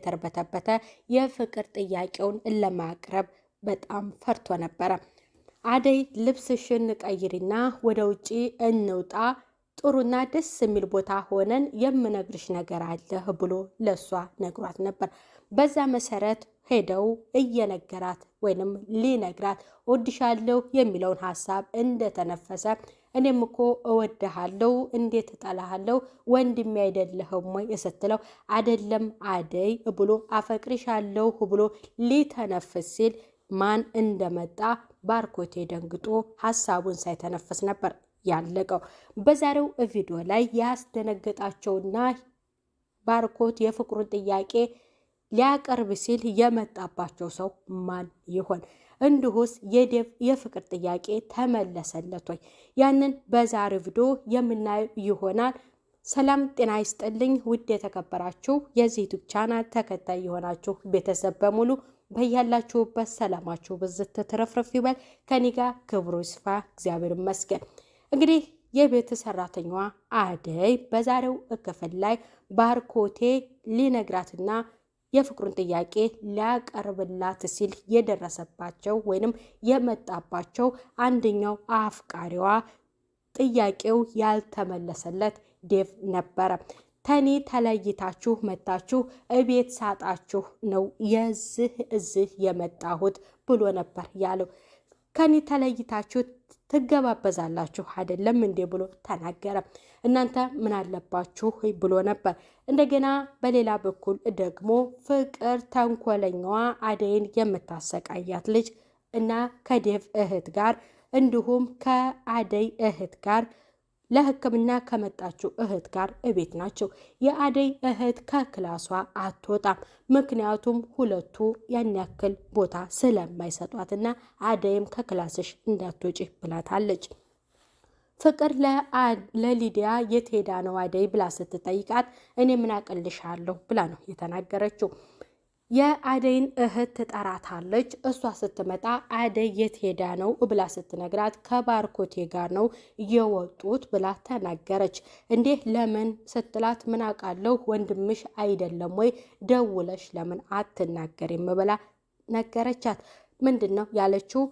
የተርበተበተ የፍቅር ጥያቄውን ለማቅረብ በጣም ፈርቶ ነበረ። አደይ ልብስሽን ቀይሪና ወደ ውጪ እንውጣ፣ ጥሩና ደስ የሚል ቦታ ሆነን የምነግርሽ ነገር አለህ ብሎ ለእሷ ነግሯት ነበር። በዛ መሰረት ሄደው እየነገራት ወይንም ሊነግራት እወድሻለሁ የሚለውን ሀሳብ እንደተነፈሰ እኔም እኮ እወድሃለሁ እንዴት እጠላሃለሁ ወንድሜ አይደለህም ወይ ስትለው አደለም አደይ ብሎ አፈቅርሻለሁ ብሎ ሊተነፍስ ሲል ማን እንደመጣ ባርኮቴ ደንግጦ ሀሳቡን ሳይተነፍስ ነበር ያለቀው። በዛሬው ቪዲዮ ላይ ያስደነገጣቸውና ባርኮት የፍቅሩን ጥያቄ ሊያቀርብ ሲል የመጣባቸው ሰው ማን ይሆን? እንዲሁስ የዴቭ የፍቅር ጥያቄ ተመለሰለት ወይ? ያንን በዛሬ ቪዲዮ የምናየው ይሆናል። ሰላም ጤና ይስጥልኝ ውድ የተከበራችሁ የዚህ ዩቱብ ቻናል ተከታይ የሆናችሁ ቤተሰብ በሙሉ በያላችሁበት ሰላማችሁ ብዝት ትረፍረፍ ይበል። ከኔ ጋር ክብሩ ይስፋ፣ እግዚአብሔር ይመስገን። እንግዲህ የቤት ሰራተኛዋ አደይ በዛሬው ክፍል ላይ ባርኮቴ ሊነግራትና የፍቅሩን ጥያቄ ሊያቀርብላት ሲል የደረሰባቸው ወይንም የመጣባቸው አንደኛው አፍቃሪዋ ጥያቄው ያልተመለሰለት ዴቭ ነበረ። ተኔ ተለይታችሁ መታችሁ እቤት ሳጣችሁ ነው የዝህ እዝህ የመጣሁት ብሎ ነበር ያለው። ከኔ ተለይታችሁ ትገባበዛላችሁ አይደለም እንዴ ብሎ ተናገረ። እናንተ ምን አለባችሁ ብሎ ነበር። እንደገና በሌላ በኩል ደግሞ ፍቅር ተንኮለኛዋ አደይን የምታሰቃያት ልጅ እና ከዴቭ እህት ጋር እንዲሁም ከአደይ እህት ጋር ለሕክምና ከመጣችው እህት ጋር እቤት ናቸው። የአደይ እህት ከክላሷ አትወጣም። ምክንያቱም ሁለቱ ያን ያክል ቦታ ስለማይሰጧትና አደይም ከክላስሽ እንዳትወጪ ብላታለች። ፍቅር ለሊዲያ የት ሄዳ ነው አደይ ብላ ስትጠይቃት እኔ ምን አቅልሻለሁ ብላ ነው የተናገረችው። የአደይን እህት ትጠራታለች። እሷ ስትመጣ አደይ የት ሄዳ ነው ብላ ስትነግራት ከባርኮቴ ጋር ነው የወጡት ብላ ተናገረች። እንዴ ለምን ስትላት ምን አውቃለሁ ወንድምሽ አይደለም ወይ ደውለሽ ለምን አትናገሪም ብላ ነገረቻት። ምንድን ነው ያለችው?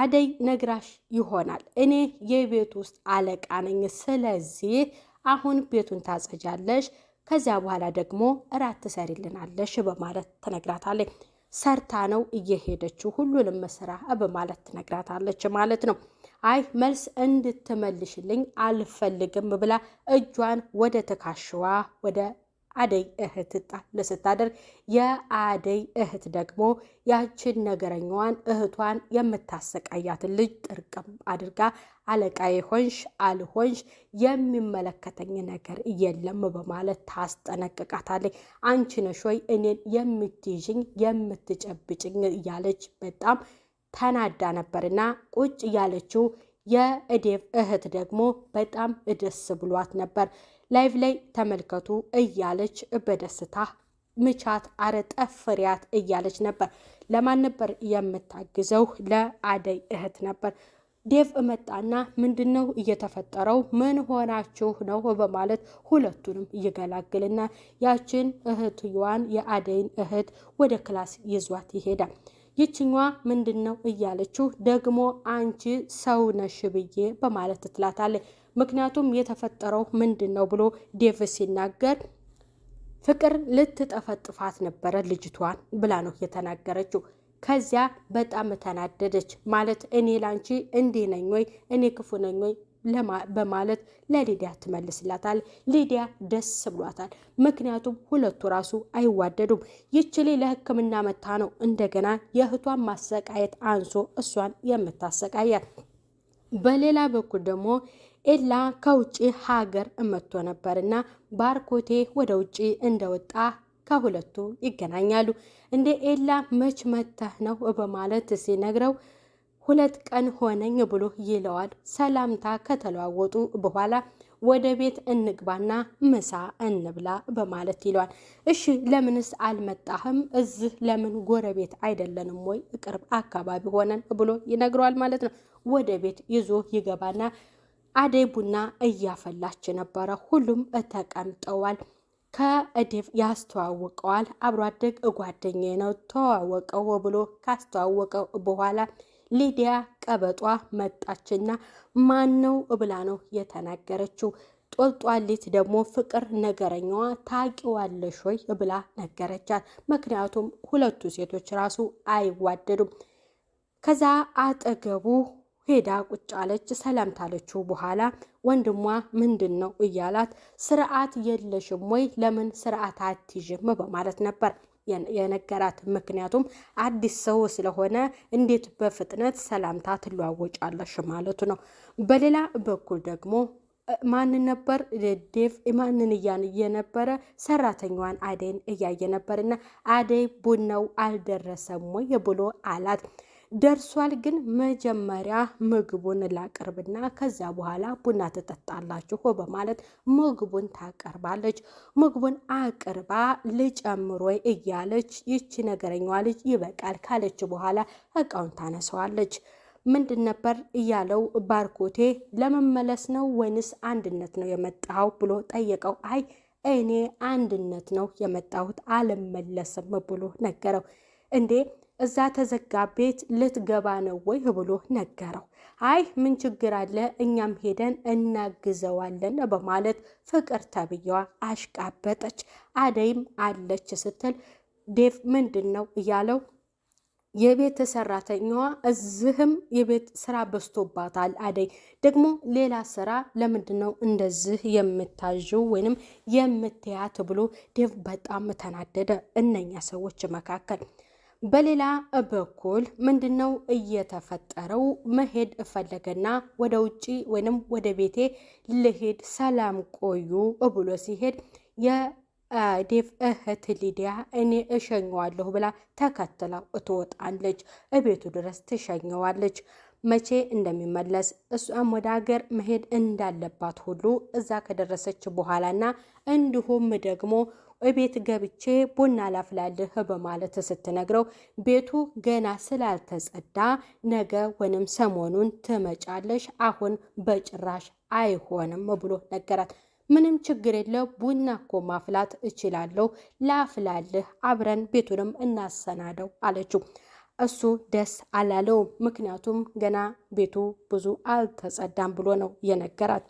አደይ ነግራሽ ይሆናል እኔ የቤት ውስጥ አለቃ ነኝ። ስለዚህ አሁን ቤቱን ታጸጃለሽ ከዚያ በኋላ ደግሞ እራት ትሰሪልናለሽ በማለት ትነግራታለች። ሰርታ ነው እየሄደችው ሁሉንም ስራ በማለት ትነግራታለች ማለት ነው። አይ መልስ እንድትመልሽልኝ አልፈልግም ብላ እጇን ወደ ትከሻዋ ወደ አደይ እህት ጣል ስታደርግ የአደይ እህት ደግሞ ያችን ነገረኛዋን እህቷን የምታሰቃያትን ልጅ ጥርቅም አድርጋ አለቃ ሆንሽ አልሆንሽ የሚመለከተኝ ነገር የለም በማለት ታስጠነቅቃታለች። አንቺ ነሽ ወይ እኔን የምትይዥኝ የምትጨብጭኝ እያለች በጣም ተናዳ ነበርና ቁጭ እያለችው የእዴቭ እህት ደግሞ በጣም ደስ ብሏት ነበር። ላይቭ ላይ ተመልከቱ እያለች በደስታ ምቻት አረ ጠፍሪያት እያለች ነበር። ለማን ነበር የምታግዘው? ለአደይ እህት ነበር። ዴቭ እመጣና ምንድን ነው እየተፈጠረው? ምን ሆናችሁ ነው? በማለት ሁለቱንም እየገላግልና ያችን እህትዋን የአደይን እህት ወደ ክላስ ይዟት ይሄዳል። ይችኛ ምንድን ነው ደግሞ አንቺ ሰው ነሽ ብዬ በማለት ትላታለች። ምክንያቱም የተፈጠረው ምንድን ነው ብሎ ዴቭ ሲናገር ፍቅር ልትጠፈጥፋት ነበረ ልጅቷን ብላ ነው የተናገረችው። ከዚያ በጣም ተናደደች። ማለት እኔ ላንቺ እንዲህ ነኝ ወይ እኔ ክፉ ነኝ ወይ በማለት ለሊዲያ ትመልስላታል። ሊዲያ ደስ ብሏታል። ምክንያቱም ሁለቱ ራሱ አይዋደዱም። ይችሌ ለሕክምና መታ ነው እንደገና የእህቷን ማሰቃየት አንሶ እሷን የምታሰቃያት። በሌላ በኩል ደግሞ ኤላ ከውጭ ሀገር መጥቶ ነበርና ባርኮቴ ወደ ውጭ እንደወጣ ከሁለቱ ይገናኛሉ። እንደ ኤላ መች መተህ ነው በማለት ሲነግረው ሁለት ቀን ሆነኝ ብሎ ይለዋል። ሰላምታ ከተለዋወጡ በኋላ ወደ ቤት እንግባና ምሳ እንብላ በማለት ይለዋል። እሺ ለምንስ አልመጣህም? እዚህ ለምን ጎረቤት አይደለንም ወይ? ቅርብ አካባቢ ሆነን ብሎ ይነግረዋል ማለት ነው። ወደ ቤት ይዞ ይገባና አደይ ቡና እያፈላች ነበረ። ሁሉም ተቀምጠዋል። ከእድፍ ያስተዋውቀዋል። አብሮ አደግ ጓደኛ ነው ተዋወቀው ብሎ ካስተዋወቀው በኋላ ሊዲያ ቀበጧ መጣችና ማን ነው ብላ ነው የተናገረችው። ጦልጧሊት ደግሞ ፍቅር ነገረኛዋ ታውቂዋለሽ ወይ ብላ ነገረቻት። ምክንያቱም ሁለቱ ሴቶች ራሱ አይዋደዱም። ከዛ አጠገቡ ሄዳ ቁጭ አለች። ሰላም ታለችው በኋላ ወንድሟ ምንድን ነው እያላት ስርዓት የለሽም ወይ ለምን ስርዓት አትይዥም በማለት ነበር የነገራት ምክንያቱም አዲስ ሰው ስለሆነ እንዴት በፍጥነት ሰላምታ ትለዋወጫለሽ ማለቱ ነው። በሌላ በኩል ደግሞ ማንን ነበር ዴቭ ማንን እያን እየነበረ ሰራተኛዋን አደይን እያየ ነበርና አደይ ቡናው አልደረሰም ወይ ብሎ አላት። ደርሷል። ግን መጀመሪያ ምግቡን ላቅርብና ከዚያ በኋላ ቡና ትጠጣላችሁ በማለት ምግቡን ታቀርባለች። ምግቡን አቅርባ ልጨምሮ እያለች ይቺ ነገረኛዋ ልጅ ይበቃል ካለች በኋላ እቃውን ታነሰዋለች። ምንድን ነበር እያለው ባርኮቴ ለመመለስ ነው ወይንስ አንድነት ነው የመጣው ብሎ ጠየቀው። አይ እኔ አንድነት ነው የመጣሁት አልመለስም ብሎ ነገረው። እንዴ እዛ ተዘጋ ቤት ልትገባ ነው ወይ ብሎ ነገረው። አይ ምን ችግር አለ እኛም ሄደን እናግዘዋለን በማለት ፍቅር ተብዬዋ አሽቃበጠች። አደይም አለች ስትል ዴቭ ምንድን ነው እያለው የቤት ሰራተኛዋ እዚህም የቤት ስራ በዝቶባታል። አደይ ደግሞ ሌላ ስራ ለምንድን ነው እንደዚህ የምታዥው ወይንም የምትያት ብሎ ዴቭ በጣም ተናደደ። እነኛ ሰዎች መካከል በሌላ በኩል ምንድን ነው እየተፈጠረው? መሄድ እፈለገና ወደ ውጭ ወይንም ወደ ቤቴ ልሄድ ሰላም ቆዩ ብሎ ሲሄድ የዴቭ እህት ሊዲያ እኔ እሸኘዋለሁ ብላ ተከትላው ትወጣለች። እቤቱ ድረስ ትሸኘዋለች። መቼ እንደሚመለስ እሷም ወደ ሀገር መሄድ እንዳለባት ሁሉ እዛ ከደረሰች በኋላና እንዲሁም ደግሞ እቤት ገብቼ ቡና ላፍላልህ በማለት ስትነግረው ቤቱ ገና ስላልተጸዳ ነገ ወይም ሰሞኑን ትመጫለሽ፣ አሁን በጭራሽ አይሆንም ብሎ ነገራት። ምንም ችግር የለ፣ ቡና እኮ ማፍላት እችላለሁ፣ ላፍላልህ፣ አብረን ቤቱንም እናሰናደው አለችው። እሱ ደስ አላለው ምክንያቱም ገና ቤቱ ብዙ አልተጸዳም ብሎ ነው የነገራት።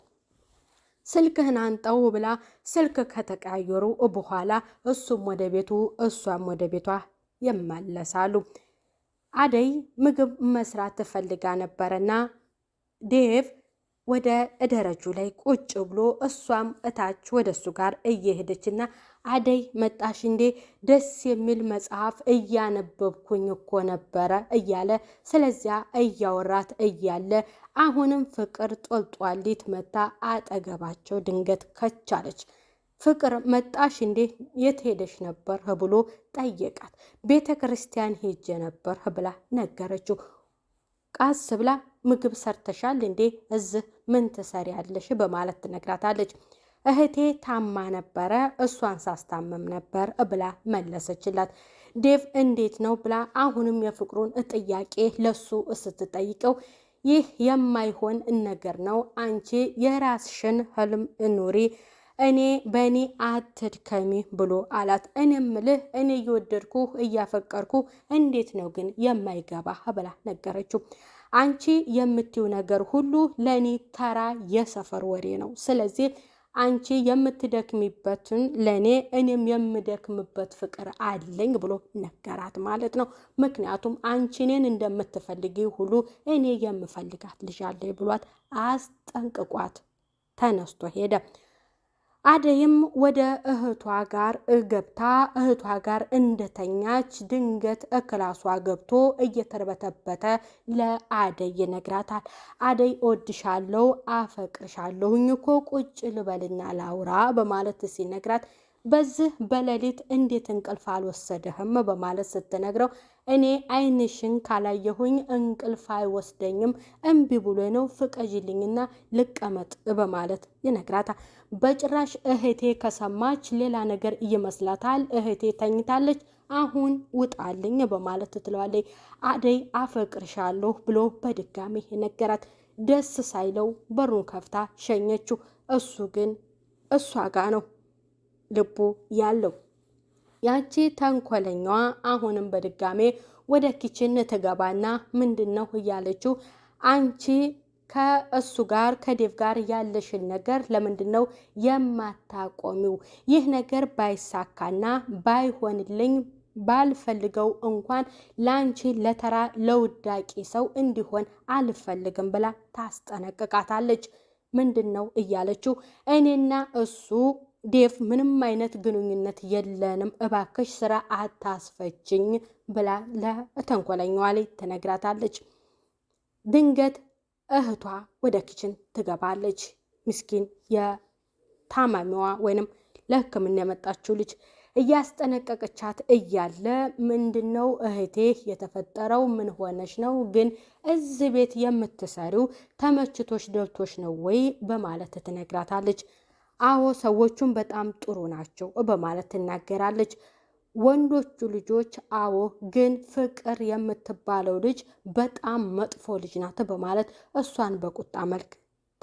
ስልክህን አንጠው ብላ ስልክ ከተቀያየሩ በኋላ እሱም ወደ ቤቱ እሷም ወደ ቤቷ ይመለሳሉ። አደይ ምግብ መስራት ትፈልጋ ነበረና ዴቭ ወደ ደረጁ ላይ ቁጭ ብሎ እሷም እታች ወደ እሱ ጋር እየሄደችና አደይ መጣሽ እንዴ? ደስ የሚል መጽሐፍ እያነበብኩኝ እኮ ነበረ እያለ ስለዚያ እያወራት እያለ አሁንም ፍቅር ጦልጧሊት መታ አጠገባቸው ድንገት ከቻለች። ፍቅር መጣሽ እንዴ? የት ሄደሽ ነበር ብሎ ጠየቃት። ቤተ ክርስቲያን ሄጄ ነበር ብላ ነገረችው። ቃስ ብላ ምግብ ሰርተሻል እንዴ? እዚህ ምን ትሰሪያለሽ? በማለት ትነግራታለች። እህቴ ታማ ነበረ፣ እሷን ሳስታመም ነበር ብላ መለሰችላት። ዴቭ እንዴት ነው ብላ አሁንም የፍቅሩን ጥያቄ ለሱ ስትጠይቀው ይህ የማይሆን ነገር ነው፣ አንቺ የራስሽን ህልም ኑሪ፣ እኔ በእኔ አትድከሚ ብሎ አላት። እኔ ምልህ እኔ እየወደድኩ እያፈቀርኩ እንዴት ነው ግን የማይገባ ብላ ነገረችው። አንቺ የምትዩ ነገር ሁሉ ለእኔ ተራ የሰፈር ወሬ ነው፣ ስለዚህ አንቺ የምትደክሚበትን ለእኔ እኔም የምደክምበት ፍቅር አለኝ ብሎ ነገራት ማለት ነው። ምክንያቱም አንቺ እኔን እንደምትፈልጊ ሁሉ እኔ የምፈልጋት ልጅ አለኝ ብሏት አስጠንቅቋት ተነስቶ ሄደ። አደይም ወደ እህቷ ጋር ገብታ እህቷ ጋር እንደተኛች ድንገት ክላሷ ገብቶ እየተርበተበተ ለአደይ ይነግራታል። አደይ እወድሻለሁ፣ አፈቅርሻለሁኝ እኮ ቁጭ ልበልና ላውራ በማለት ሲነግራት በዚህ በሌሊት እንዴት እንቅልፍ አልወሰደህም በማለት ስትነግረው እኔ አይንሽን ካላየሁኝ እንቅልፍ አይወስደኝም፣ እምቢ ብሎ ነው ፍቀጅልኝና ልቀመጥ በማለት ይነግራታል። በጭራሽ እህቴ ከሰማች ሌላ ነገር ይመስላታል። እህቴ ተኝታለች፣ አሁን ውጣልኝ በማለት ትለዋለች። አደይ አፈቅርሻለሁ ብሎ በድጋሚ ነገራት። ደስ ሳይለው በሩን ከፍታ ሸኘችው። እሱ ግን እሷ ጋ ነው ልቡ ያለው። ያቺ ተንኮለኛዋ አሁንም በድጋሜ ወደ ኪችን ትገባና ምንድን ነው እያለችው አንቺ ከእሱ ጋር ከዴቭ ጋር ያለሽን ነገር ለምንድን ነው የማታቆሚው? ይህ ነገር ባይሳካና ባይሆንልኝ ባልፈልገው እንኳን ለአንቺ ለተራ ለውዳቂ ሰው እንዲሆን አልፈልግም ብላ ታስጠነቅቃታለች። ምንድን ነው እያለችው እኔና እሱ ዴፍ ምንም አይነት ግንኙነት የለንም፣ እባክሽ ስራ አታስፈችኝ ብላ ለተንኮለኛዋ ላይ ትነግራታለች። ድንገት እህቷ ወደ ኪችን ትገባለች። ምስኪን የታማሚዋ ወይንም ለሕክምና የመጣችው ልጅ እያስጠነቀቀቻት እያለ ምንድን ነው እህቴ የተፈጠረው? ምን ሆነች ነው? ግን እዚህ ቤት የምትሰሪው ተመችቶች ደብቶች ነው ወይ? በማለት ትነግራታለች። አዎ ሰዎቹም በጣም ጥሩ ናቸው በማለት ትናገራለች። ወንዶቹ ልጆች አዎ ግን ፍቅር የምትባለው ልጅ በጣም መጥፎ ልጅ ናት በማለት እሷን በቁጣ መልክ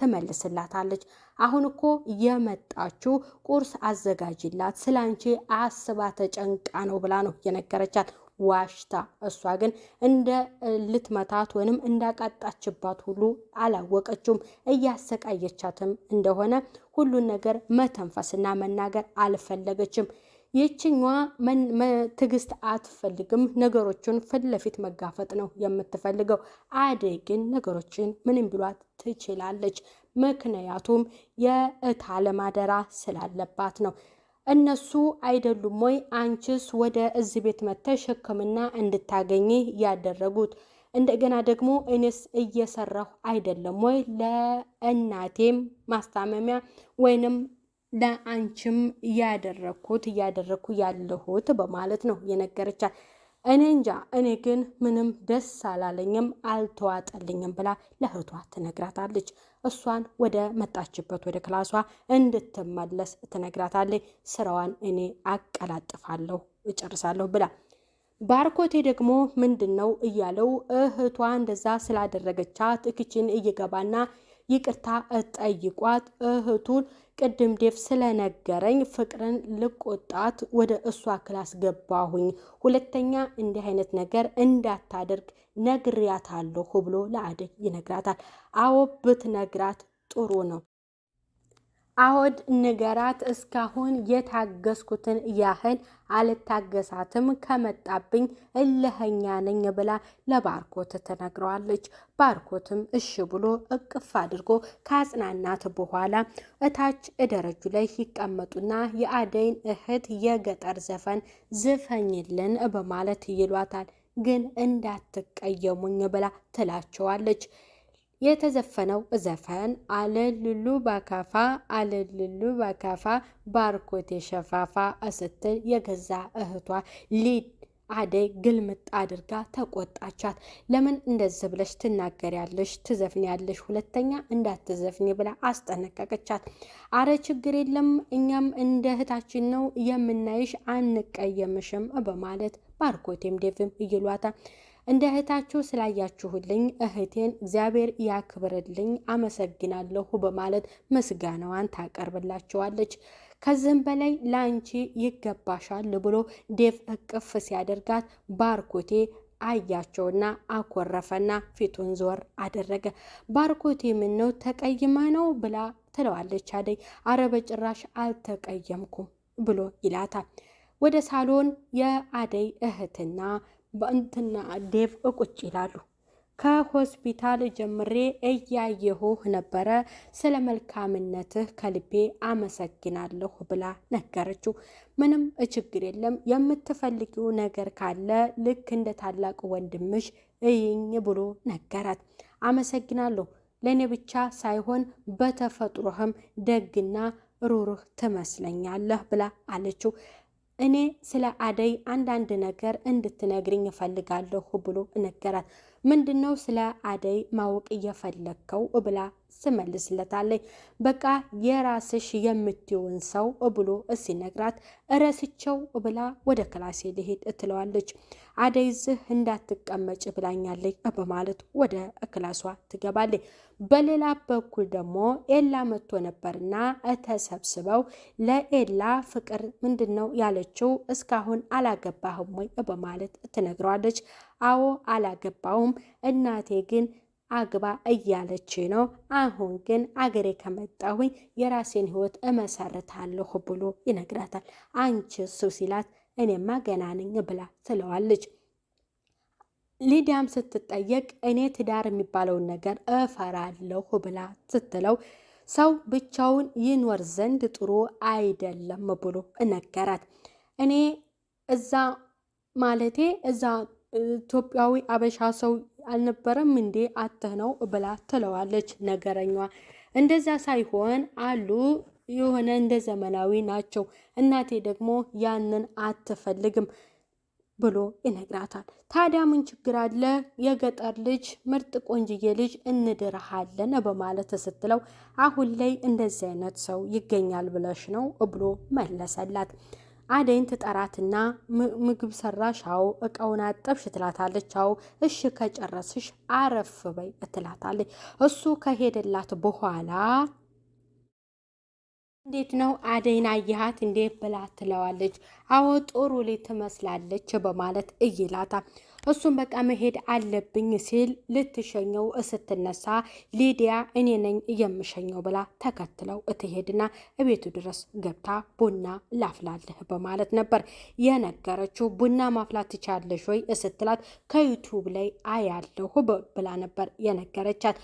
ትመልስላታለች። አሁን እኮ የመጣችው ቁርስ አዘጋጅላት አንቺ አስባ ተጨንቃ ነው ብላ ነው የነገረቻት። ዋሽታ እሷ ግን እንደ ልትመታት ወይንም እንዳቃጣችባት ሁሉ አላወቀችውም። እያሰቃየቻትም እንደሆነ ሁሉን ነገር መተንፈስና መናገር አልፈለገችም። ይችኛዋ ትዕግስት አትፈልግም። ነገሮችን ፊት ለፊት መጋፈጥ ነው የምትፈልገው። አደይ ግን ነገሮችን ምንም ብሏት ትችላለች። ምክንያቱም የእታ ለማደራ ስላለባት ነው። እነሱ አይደሉም ወይ አንቺስ ወደ እዚህ ቤት መጥተሽ ህክምና እንድታገኝ ያደረጉት? እንደገና ደግሞ እኔስ እየሰራሁ አይደለም ወይ ለእናቴም ማስታመሚያ ወይንም ለአንቺም ያደረግኩት እያደረግኩ ያለሁት በማለት ነው የነገረቻት። እኔ እንጃ እኔ ግን ምንም ደስ አላለኝም አልተዋጠልኝም ብላ ለእህቷ ትነግራታለች። እሷን ወደ መጣችበት ወደ ክላሷ እንድትመለስ ትነግራታለች። ስራዋን እኔ አቀላጥፋለሁ እጨርሳለሁ ብላ ባርኮቴ ደግሞ ምንድን ነው እያለው እህቷ እንደዛ ስላደረገቻት ክችን እየገባና ይቅርታ ጠይቋት እህቱን ቅድም ዴፍ ስለነገረኝ ፍቅርን ልቆጣት ወደ እሷ ክላስ ገባሁኝ። ሁለተኛ እንዲህ አይነት ነገር እንዳታደርግ ነግሪያታለሁ ብሎ ለአደይ ይነግራታል። አዎ ብትነግራት ጥሩ ነው። አሁድ ንገራት እስካሁን የታገስኩትን ያህል አልታገሳትም ከመጣብኝ እልኸኛ ነኝ ብላ ለባርኮት ተነግረዋለች። ባርኮትም እሺ ብሎ እቅፍ አድርጎ ከአጽናናት በኋላ እታች ደረጁ ላይ ይቀመጡና የአደይን እህት የገጠር ዘፈን ዝፈኝልን በማለት ይሏታል። ግን እንዳትቀየሙኝ ብላ ትላቸዋለች። የተዘፈነው ዘፈን አለልሉ ባካፋ አለልሉ ባካፋ ባርኮቴ ሸፋፋ ስትል የገዛ እህቷ ሊድ አደይ ግልምጥ አድርጋ ተቆጣቻት። ለምን እንደዚህ ብለሽ ትናገሪያለሽ ትዘፍንያለሽ? ሁለተኛ እንዳትዘፍኒ ብላ አስጠነቀቀቻት። አረ ችግር የለም እኛም እንደ እህታችን ነው የምናይሽ፣ አንቀየምሽም በማለት ባርኮቴም ዴቭም ይሏታል። እንደ እህታችሁ ስላያችሁልኝ እህቴን እግዚአብሔር ያክብርልኝ፣ አመሰግናለሁ በማለት ምስጋናዋን ታቀርብላችኋለች። ከዚህም በላይ ለአንቺ ይገባሻል ብሎ ዴቭ እቅፍ ሲያደርጋት ባርኮቴ አያቸውና አኮረፈና ፊቱን ዞር አደረገ። ባርኮቴ ምን ነው ተቀይመ ነው ብላ ትለዋለች። አደይ አረ በጭራሽ አልተቀየምኩም ብሎ ይላታል። ወደ ሳሎን የአደይ እህትና በእንትና ዴቭ እቁጭ ይላሉ። ከሆስፒታል ጀምሬ እያየሁህ ነበረ። ስለ መልካምነትህ ከልቤ አመሰግናለሁ ብላ ነገረችው። ምንም ችግር የለም የምትፈልጊው ነገር ካለ ልክ እንደ ታላቅ ወንድምሽ እይኝ ብሎ ነገራት። አመሰግናለሁ ለእኔ ብቻ ሳይሆን በተፈጥሮህም ደግና ሩርህ ትመስለኛለህ ብላ አለችው። እኔ ስለ አደይ አንዳንድ ነገር እንድትነግርኝ እፈልጋለሁ ብሎ ነገራት። ምንድን ነው ስለ አደይ ማወቅ እየፈለግከው ብላ ስመልስለታለች። በቃ የራስሽ የምትሆን ሰው ብሎ ሲነግራት እረስቸው ብላ ወደ ክላሴ ልሄድ ትለዋለች። አደይ ዝህ እንዳትቀመጭ ብላኛለች በማለት ወደ ክላሷ ትገባለች። በሌላ በኩል ደግሞ ኤላ መጥቶ ነበርና ተሰብስበው ለኤላ ፍቅር ምንድን ነው ያለችው? እስካሁን አላገባህም ወይ በማለት ትነግረዋለች። አዎ አላገባውም፣ እናቴ ግን አግባ እያለች ነው። አሁን ግን አገሬ ከመጣሁኝ የራሴን ህይወት እመሰርታለሁ ብሎ ይነግራታል። አንቺ እሱ ሲላት እኔማ ገና ነኝ ብላ ትለዋለች። ሊዲያም ስትጠየቅ እኔ ትዳር የሚባለውን ነገር እፈራለሁ ብላ ስትለው ሰው ብቻውን ይኖር ዘንድ ጥሩ አይደለም ብሎ ነገራት። እኔ እዛ ማለቴ እዛ ኢትዮጵያዊ አበሻ ሰው አልነበረም እንዴ አትህ ነው ብላ ትለዋለች ነገረኛ። እንደዛ ሳይሆን አሉ የሆነ እንደ ዘመናዊ ናቸው። እናቴ ደግሞ ያንን አትፈልግም። ብሎ ይነግራታል። ታዲያ ምን ችግር አለ? የገጠር ልጅ ምርጥ ቆንጅዬ ልጅ እንድርሃለን በማለት ስትለው አሁን ላይ እንደዚህ አይነት ሰው ይገኛል ብለሽ ነው ብሎ መለሰላት። አደይን ትጠራትና ምግብ ሰራሽ? አዎ። እቃውን አጠብሽ? ትላታለች። አዎ። እሺ ከጨረስሽ አረፍ በይ ትላታለች። እሱ ከሄደላት በኋላ እንዴት ነው አደይን አየሃት እንዴት ብላ ትለዋለች። አዎ ጥሩ ትመስላለች በማለት እይላታ እሱም በቃ መሄድ አለብኝ ሲል ልትሸኘው ስትነሳ ሊዲያ እኔ ነኝ የምሸኘው ብላ ተከትለው እትሄድና እቤቱ ድረስ ገብታ ቡና ላፍላልህ በማለት ነበር የነገረችው። ቡና ማፍላት ትቻለሽ ወይ ስትላት ከዩቱብ ላይ አያለሁ ብላ ነበር የነገረቻት።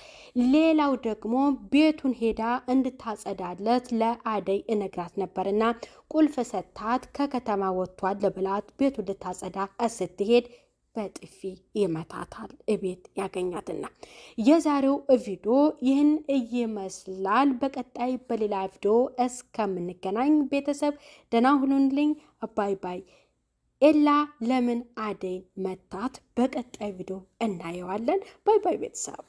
ሌላው ደግሞ ቤቱን ሄዳ እንድታጸዳለት ለአደይ እነግራት ነበርና ቁልፍ ሰታት ከከተማ ወጥቷል ብላት ቤቱ ልታጸዳ ስትሄድ በጥፊ ይመታታል። እቤት ያገኛትና የዛሬው ቪዲዮ ይህን ይመስላል። በቀጣይ በሌላ ቪዲዮ እስከምንገናኝ ቤተሰብ ደህና ሁኑልኝ። ባይ ባይ። ኤላ ለምን አደይን መታት? በቀጣይ ቪዲዮ እናየዋለን። ባይ ባይ ቤተሰብ